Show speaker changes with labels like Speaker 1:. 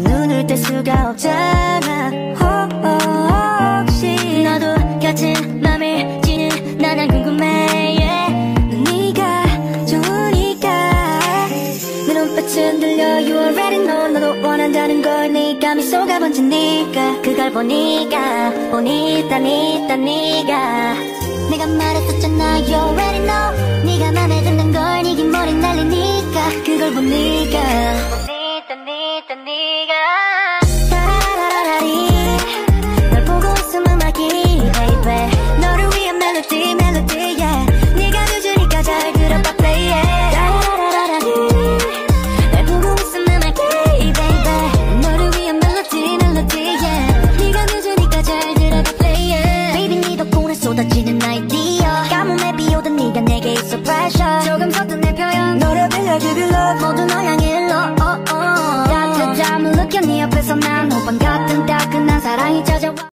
Speaker 1: 눈을 뗄 수가 없잖아 혹시 너도 같은 맘일지는 나난 궁금해 yeah. 네가 좋으니까 내 눈빛은 들려 You already know 너도 원한다는
Speaker 2: 걸 네가 미소가 번지니까 그걸 보니까 보니 있다 니따니가 내가 말했었잖아 You already know
Speaker 3: 있던 네가 보고 웃으니 막이 b
Speaker 4: 이디 조금 섞은 내 표현 노래 빌려 give you love 모두 너향
Speaker 1: 앞에서난 호빵 같은 따끈한 사랑이 찾아와